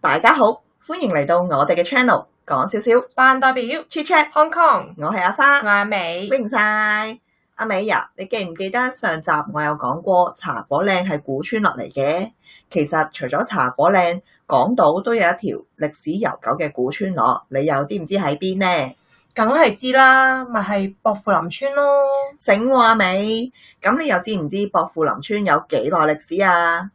大家好，歡迎嚟到我哋嘅 channel，講少少。扮代表 Chit Chat Hong Kong，我係阿花，我係阿美，歡迎晒阿美呀！你記唔記得上集我有講過茶果嶺係古村落嚟嘅？其實除咗茶果嶺，港島都有一條歷史悠久嘅古村落，你又知唔知喺邊呢？梗係知啦，咪係薄扶林村咯。醒阿美，咁你又知唔知薄扶林村有幾耐歷史啊？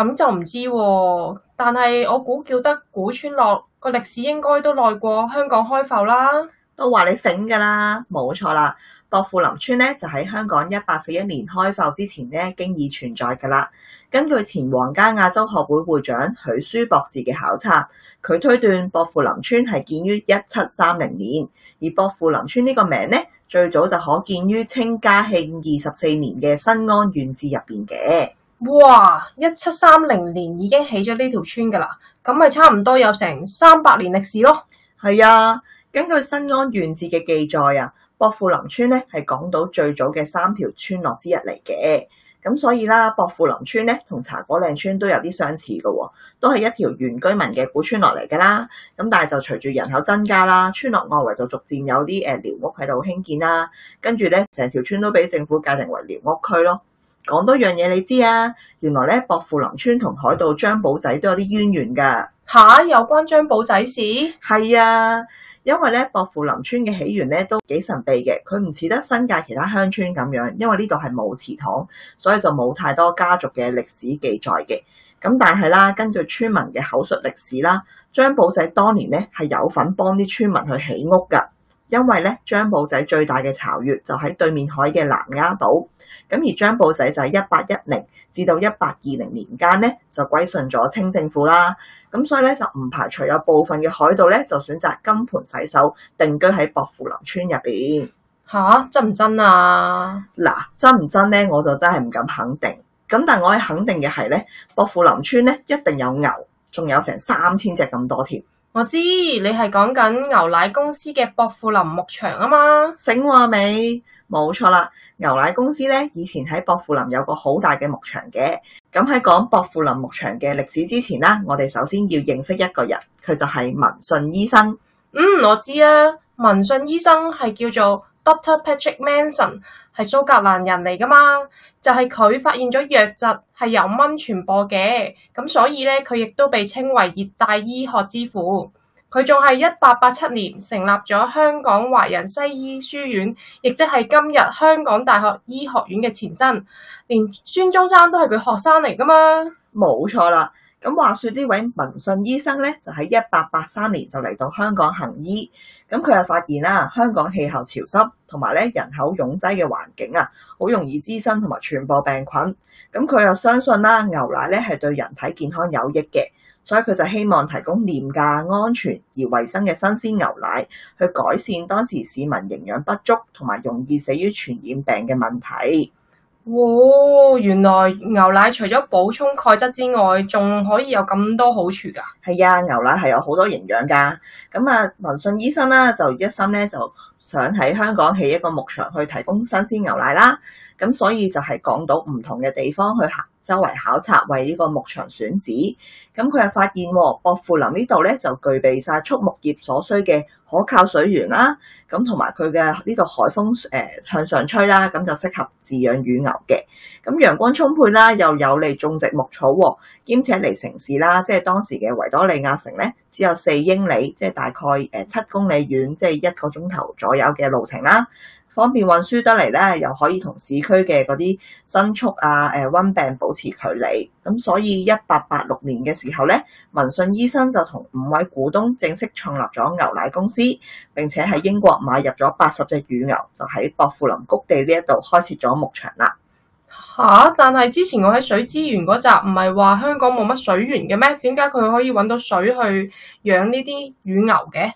咁就唔知喎、啊，但係我估叫得古村落個歷史應該都耐過香港開埠啦。都話你醒㗎啦，冇錯啦。薄扶林村咧就喺香港一八四一年開埠之前咧，經已存在㗎啦。根據前皇家亞洲學會會長許舒博士嘅考察，佢推斷薄扶林村係建於一七三零年，而薄扶林村呢個名咧最早就可見於清嘉慶二十四年嘅《新安縣志》入邊嘅。哇！一七三零年已經起咗呢條村㗎啦，咁咪差唔多有成三百年歷史咯。係啊，根據新安縣志嘅記載啊，薄扶林村咧係港島最早嘅三條村落之一嚟嘅。咁所以啦，薄扶林村咧同茶果嶺村都有啲相似嘅，都係一條原居民嘅古村落嚟㗎啦。咁但係就隨住人口增加啦，村落外圍就逐漸有啲誒、呃、寮屋喺度興建啦，跟住咧成條村都俾政府界定為寮屋區咯。講多樣嘢，你知啊！原來咧，薄扶林村同海盜張保仔都有啲淵源噶吓，有關張保仔事係啊，因為咧薄扶林村嘅起源咧都幾神秘嘅，佢唔似得新界其他鄉村咁樣，因為呢度係冇祠堂，所以就冇太多家族嘅歷史記載嘅。咁但係啦，根據村民嘅口述歷史啦，張保仔當年咧係有份幫啲村民去起屋噶，因為咧張保仔最大嘅巢穴就喺對面海嘅南丫島。咁而張保仔就係一八一零至到一八二零年間咧，就歸順咗清政府啦。咁所以咧就唔排除有部分嘅海盜咧，就選擇金盆洗手定居喺薄扶林村入邊。吓？真唔真啊？嗱，真唔真咧？我就真係唔敢肯定。咁但係我係肯定嘅係咧，薄扶林村咧一定有牛，仲有成三千隻咁多添。我知你係講緊牛奶公司嘅薄扶林牧場啊嘛，醒話未？冇錯啦，牛奶公司咧以前喺薄扶林有個好大嘅牧場嘅。咁喺講薄扶林牧場嘅歷史之前啦，我哋首先要認識一個人，佢就係文信醫生。嗯，我知啊，文信醫生係叫做。Dr. Patrick Manson 係蘇格蘭人嚟㗎嘛？就係、是、佢發現咗瘧疾係由蚊傳播嘅，咁所以呢，佢亦都被稱為熱帶醫學之父。佢仲喺一八八七年成立咗香港華人西醫書院，亦即係今日香港大學醫學院嘅前身。連孫中山都係佢學生嚟㗎嘛？冇錯啦。咁話説呢位文信醫生咧，就喺一八八三年就嚟到香港行醫。咁佢又發現啦，香港氣候潮濕，同埋咧人口擁擠嘅環境啊，好容易滋生同埋傳播病菌。咁佢又相信啦，牛奶咧係對人體健康有益嘅，所以佢就希望提供廉價、安全而衞生嘅新鮮牛奶，去改善當時市民營養不足同埋容易死於傳染病嘅問題。哦，原來牛奶除咗補充鈣質之外，仲可以有咁多好處噶。係啊，牛奶係有好多營養噶。咁啊，文信醫生咧，就一心咧就想喺香港起一個牧場去提供新鮮牛奶啦。咁所以就係講到唔同嘅地方去行。周圍考察為呢個牧場選址，咁佢又發現薄扶林呢度咧就具備晒畜牧業所需嘅可靠水源啦，咁同埋佢嘅呢度海風誒向上吹啦，咁就適合飼養乳牛嘅，咁陽光充沛啦，又有利種植牧草，兼且離城市啦，即係當時嘅維多利亞城咧，只有四英里，即係大概誒七公里遠，即係一個鐘頭左右嘅路程啦。方便運輸得嚟咧，又可以同市區嘅嗰啲牲畜啊、誒瘟病保持距離，咁所以一八八六年嘅時候咧，文信醫生就同五位股東正式創立咗牛奶公司，並且喺英國買入咗八十隻乳牛，就喺薄扶林谷地呢一度開設咗牧場啦。嚇、啊！但係之前我喺水資源嗰集唔係話香港冇乜水源嘅咩？點解佢可以揾到水去養呢啲乳牛嘅？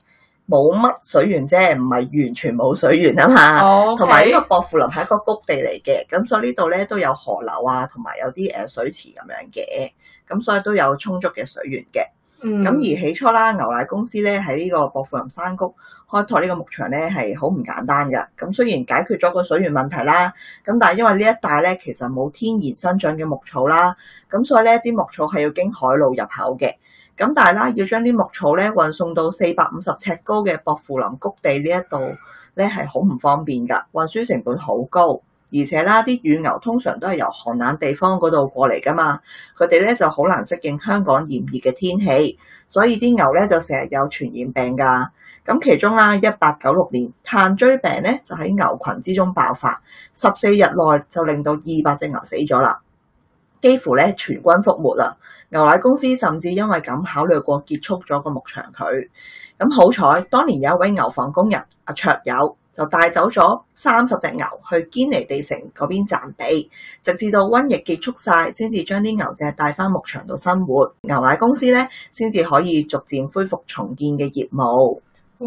冇乜水源啫，唔係完全冇水源啊嘛。哦，同埋呢個薄扶林係一個谷地嚟嘅，咁所以呢度咧都有河流啊，同埋有啲誒水池咁樣嘅，咁所以都有充足嘅水源嘅。嗯，咁而起初啦，牛奶公司咧喺呢個薄扶林山谷開拓呢個牧場咧係好唔簡單嘅。咁雖然解決咗個水源問題啦，咁但係因為呢一帶咧其實冇天然生長嘅牧草啦，咁所以咧啲牧草係要經海路入口嘅。咁但係啦，要將啲牧草咧運送到四百五十尺高嘅薄扶林谷地呢一度咧係好唔方便㗎，運輸成本好高，而且啦啲乳牛通常都係由寒冷地方嗰度過嚟㗎嘛，佢哋咧就好難適應香港炎熱嘅天氣，所以啲牛咧就成日有傳染病㗎。咁其中啦，一八九六年炭疽病咧就喺牛群之中爆發，十四日內就令到二百隻牛死咗啦。幾乎咧全軍覆沒啦，牛奶公司甚至因為咁考慮過結束咗個牧場佢。咁好彩，當年有一位牛房工人阿卓友就帶走咗三十隻牛去堅尼地城嗰邊暫避，直至到瘟疫結束晒，先至將啲牛隻帶翻牧場度生活。牛奶公司咧先至可以逐漸恢復重建嘅業務。哦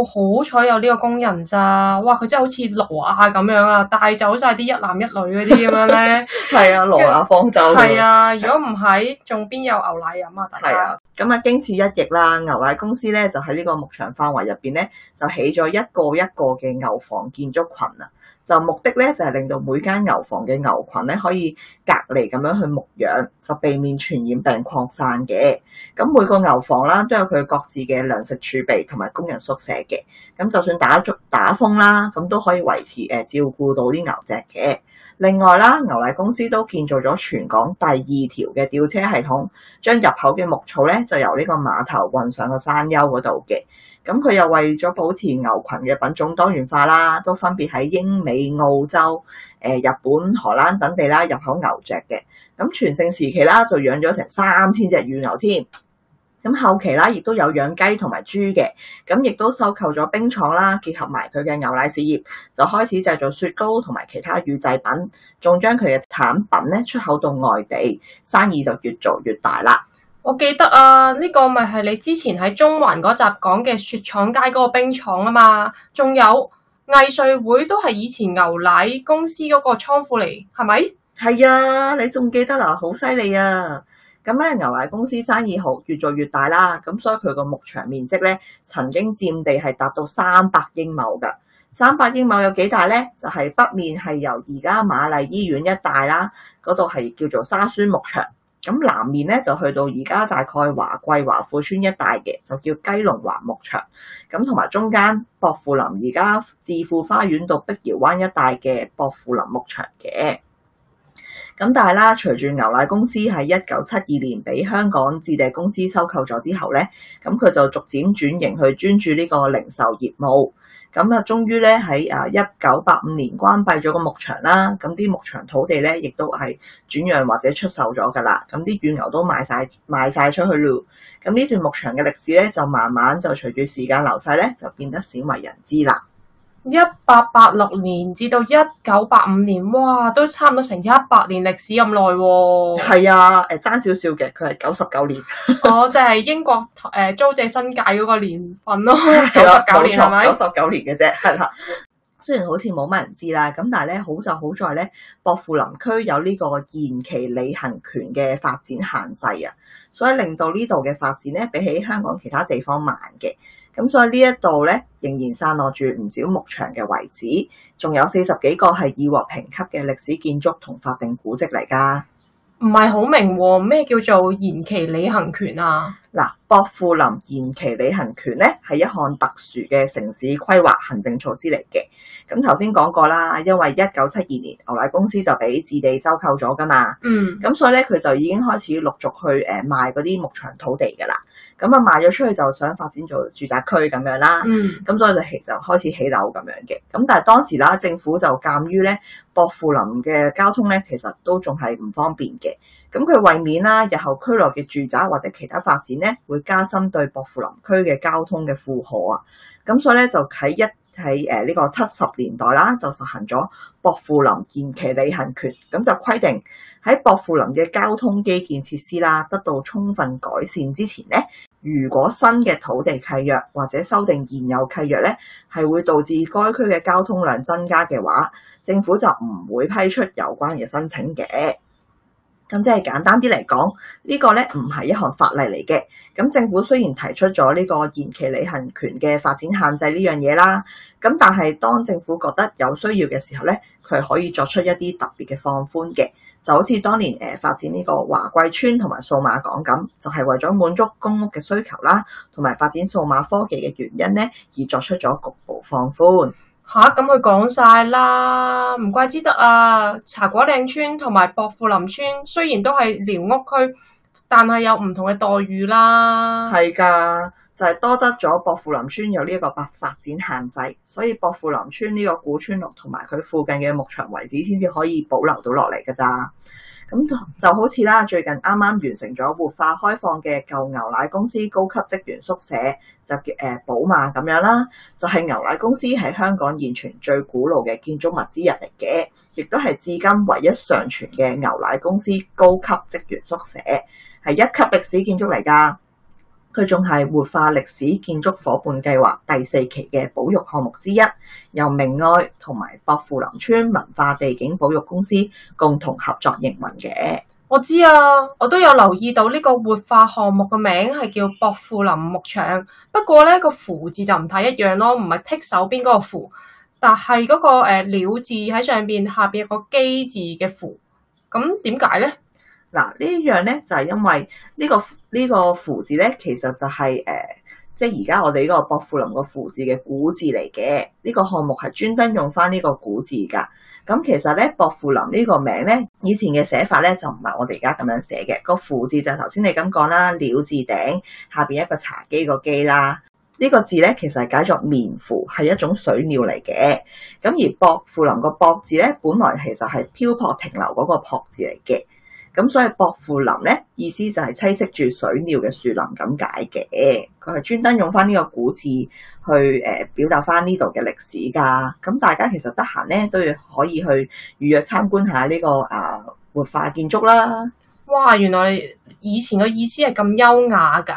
，oh, 好彩有呢個工人咋，啊！哇，佢真係好似挪亞咁樣啊，帶走晒啲一男一女嗰啲咁樣咧。係 啊，挪亞方舟。係 啊，如果唔係，仲邊有牛奶飲啊？大家。係啊，咁啊，經此一役啦，牛奶公司咧就喺呢個牧場範圍入邊咧，就起咗一個一個嘅牛房建築群啊。就目的咧，就係令到每間牛房嘅牛群咧可以隔離咁樣去牧養，就避免傳染病擴散嘅。咁每個牛房啦，都有佢各自嘅糧食儲備同埋工人宿舍嘅。咁就算打風打風啦，咁都可以維持誒照顧到啲牛隻嘅。另外啦，牛奶公司都建造咗全港第二條嘅吊車系統，將入口嘅牧草咧就由呢個碼頭運上個山丘嗰度嘅。咁佢又為咗保持牛群嘅品種多元化啦，都分別喺英美、澳洲、誒、呃、日本、荷蘭等地啦入口牛隻嘅。咁全盛時期啦，就養咗成三千隻乳牛添。咁後期啦，亦都有養雞同埋豬嘅。咁亦都收購咗冰廠啦，結合埋佢嘅牛奶事業，就開始製造雪糕同埋其他乳製品，仲將佢嘅產品咧出口到外地，生意就越做越大啦。我記得啊，呢、這個咪係你之前喺中環嗰集講嘅雪廠街嗰個冰廠啊嘛，仲有藝穗會都係以前牛奶公司嗰個倉庫嚟，係咪？係啊，你仲記得啊？好犀利啊！咁、嗯、咧，牛奶公司生意好，越做越大啦，咁所以佢個牧場面積咧，曾經佔地係達到三百英畝㗎。三百英畝有幾大咧？就係、是、北面係由而家瑪麗醫院一帶啦，嗰度係叫做沙宣牧場。咁南面咧就去到而家大概華貴華富村一帶嘅，就叫雞籠華牧場。咁同埋中間薄扶林，而家置富花園到碧瑤灣一帶嘅薄扶林牧場嘅。咁但係啦，隨住牛奶公司喺一九七二年俾香港置地公司收購咗之後咧，咁佢就逐漸轉型去專注呢個零售業務。咁啊，終於咧喺啊一九八五年關閉咗個牧場啦。咁啲牧場土地咧，亦都係轉讓或者出售咗噶啦。咁啲乳牛都賣晒賣曬出去啦。咁呢段牧場嘅歷史咧，就慢慢就隨住時間流逝咧，就變得鮮為人知啦。一八八六年至到一九八五年，哇，都差唔多成一百年歷史咁耐喎。係啊，誒，爭少少嘅，佢係九十九年。我、 哦、就係、是、英國誒、呃、租借新界嗰個年份咯、哦，九十九年咪九十九年嘅啫。係啦， 雖然好似冇乜人知啦，咁但係咧好就好在咧，薄扶林區有呢個延期履行權嘅發展限制啊，所以令到呢度嘅發展咧，比起香港其他地方慢嘅。咁、嗯、所以呢一度咧，仍然散落住唔少牧場嘅遺址，仲有四十幾個係以獲評級嘅歷史建築同法定古蹟嚟噶。唔係好明，咩叫做延期履行權啊？嗱，薄扶林延期履行權咧係一項特殊嘅城市規劃行政措施嚟嘅。咁頭先講過啦，因為一九七二年牛奶公司就俾置地收購咗㗎嘛。嗯。咁所以咧佢就已經開始陸續去誒賣嗰啲牧場土地㗎啦。咁啊賣咗出去就想發展做住宅區咁樣啦。嗯。咁所以就起就開始起樓咁樣嘅。咁但係當時啦，政府就鑑於咧薄扶林嘅交通咧，其實都仲係唔方便嘅。咁佢為免啦，日後區內嘅住宅或者其他發展咧，會加深對薄扶林區嘅交通嘅負荷啊！咁所以咧就喺一喺誒呢個七十年代啦，就實行咗薄扶林延期履行權。咁就規定喺薄扶林嘅交通基建設施啦得到充分改善之前咧，如果新嘅土地契約或者修訂現有契約咧，係會導致該區嘅交通量增加嘅話，政府就唔會批出有關嘅申請嘅。咁即係簡單啲嚟講，呢、這個咧唔係一項法例嚟嘅。咁政府雖然提出咗呢個延期履行權嘅發展限制呢樣嘢啦，咁但係當政府覺得有需要嘅時候咧，佢可以作出一啲特別嘅放寬嘅。就好似當年誒發展呢個華貴村同埋數碼港咁，就係、是、為咗滿足公屋嘅需求啦，同埋發展數碼科技嘅原因咧，而作出咗局部放寬。吓，咁佢講晒啦，唔怪之得啊。茶果嶺村同埋薄扶林村雖然都係寮屋區，但係有唔同嘅待遇啦。係㗎。就係多得咗薄扶林村有呢一個發發展限制，所以薄扶林村呢個古村落同埋佢附近嘅牧場位置先至可以保留到落嚟㗎。咋咁就好似啦，最近啱啱完成咗活化開放嘅舊牛奶公司高級職員宿舍就叫誒寶、呃、馬咁樣啦。就係、是、牛奶公司喺香港現存最古老嘅建築物之一嚟嘅，亦都係至今唯一尚存嘅牛奶公司高級職員宿舍，係一級歷史建築嚟㗎。佢仲係活化歷史建築夥伴計劃第四期嘅保育項目之一，由明愛同埋薄扶林村文化地景保育公司共同合作營運嘅。我知啊，我都有留意到呢個活化項目嘅名係叫薄扶林牧場，不過呢、那個符字就唔太一樣咯，唔係剔手邊嗰、那個符，但係嗰、那個誒鳥字喺上邊下邊有個幾字嘅符，咁點解呢？嗱，一樣呢樣咧就係、是、因為呢、這個呢、這個符字咧，其實就係、是、誒、呃，即係而家我哋呢個薄扶林個扶字嘅古字嚟嘅。呢、這個項目係專登用翻呢個古字㗎。咁、嗯、其實咧，薄扶林呢個名咧，以前嘅寫法咧就唔係我哋而家咁樣寫嘅。這個符字就係頭先你咁講啦，鳥字頂下邊一個茶几個幾啦。呢、這個字咧其實係解作棉符，係一種水鳥嚟嘅。咁、嗯、而薄扶林個薄字咧，本來其實係漂泊停留嗰個泊字嚟嘅。咁所以薄扶林咧，意思就係棲息住水鳥嘅樹林咁解嘅。佢係專登用翻呢個古字去誒、呃、表達翻呢度嘅歷史㗎。咁大家其實得閒咧都要可以去預約參觀下呢、這個啊活化建築啦。哇！原來以前嘅意思係咁優雅㗎，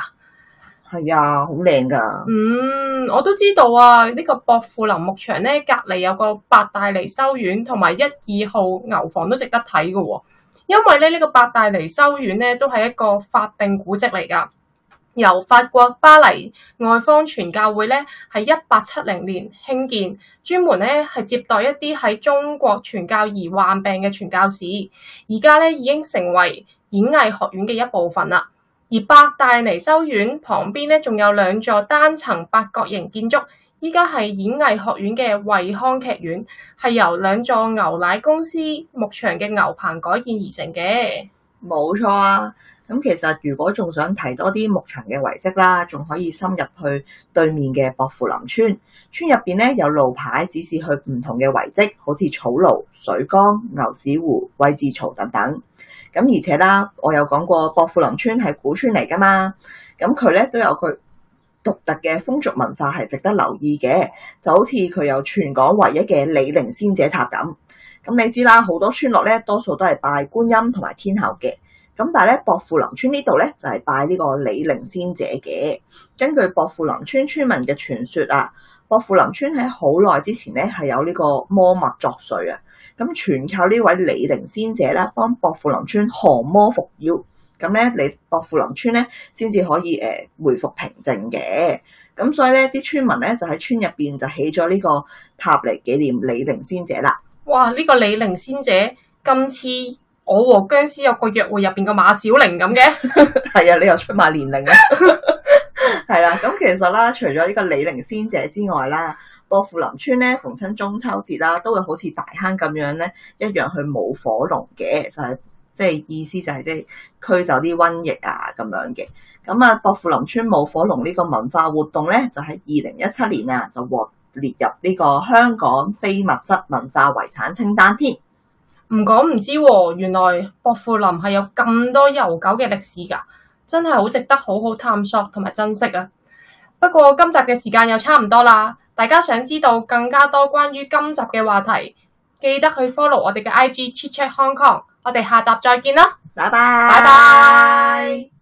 係啊，好靚㗎。嗯，我都知道啊。呢、這個薄扶林牧場咧，隔離有個伯大尼修院同埋一二號牛房都值得睇嘅喎。因為呢個伯大尼修院咧都係一個法定古蹟嚟㗎，由法國巴黎外方傳教會呢，係一八七零年興建，專門呢係接待一啲喺中國傳教而患病嘅傳教士，而家呢，已經成為演藝學院嘅一部分啦。而伯大尼修院旁邊呢，仲有兩座單層八角形建築。依家係演藝學院嘅惠康劇院，係由兩座牛奶公司牧場嘅牛棚改建而成嘅，冇錯啊。咁其實如果仲想提多啲牧場嘅遺跡啦，仲可以深入去對面嘅薄扶林村。村入邊咧有路牌指示去唔同嘅遺跡，好似草廬、水缸、牛屎湖、位置槽等等。咁而且啦，我有講過薄扶林村係古村嚟㗎嘛，咁佢咧都有佢獨特嘅風俗文化係值得留意嘅，就好似佢有全港唯一嘅李靈仙姐塔咁。咁你知啦，好多村落咧多數都係拜觀音同埋天后嘅，咁但係咧薄扶林村呢度咧就係拜呢個李靈仙姐嘅。根據薄扶林村村民嘅傳說啊，薄扶林村喺好耐之前咧係有呢個魔物作祟啊，咁全靠呢位李靈仙姐咧幫薄扶林村降魔伏妖。咁咧，你薄扶林村咧，先至可以誒恢、呃、復平靜嘅。咁所以咧，啲村民咧就喺村入邊就起咗呢個塔嚟紀念李靈仙姐啦。哇！呢、這個李靈仙姐，今次我和殭屍有個約會》入邊個馬小玲咁嘅。係 啊，你又出賣年齡 啊？係啦，咁其實啦，除咗呢個李靈仙姐之外啦，薄扶林村咧逢親中秋節啦、啊，都會好似大坑咁樣咧一樣去舞火龍嘅，就係、是。即係意思就係即係驅走啲瘟疫啊，咁樣嘅咁啊。薄扶林村舞火龍呢個文化活動咧，就喺二零一七年啊，就獲列入呢個香港非物質文化遺產清單添。唔講唔知，啊，原來薄扶林係有咁多悠久嘅歷史噶，真係好值得好好探索同埋珍惜啊。不過今集嘅時間又差唔多啦，大家想知道更加多關於今集嘅話題，記得去 follow 我哋嘅 IG Chitchat Hong Kong。我哋下集再見啦，拜拜，拜拜。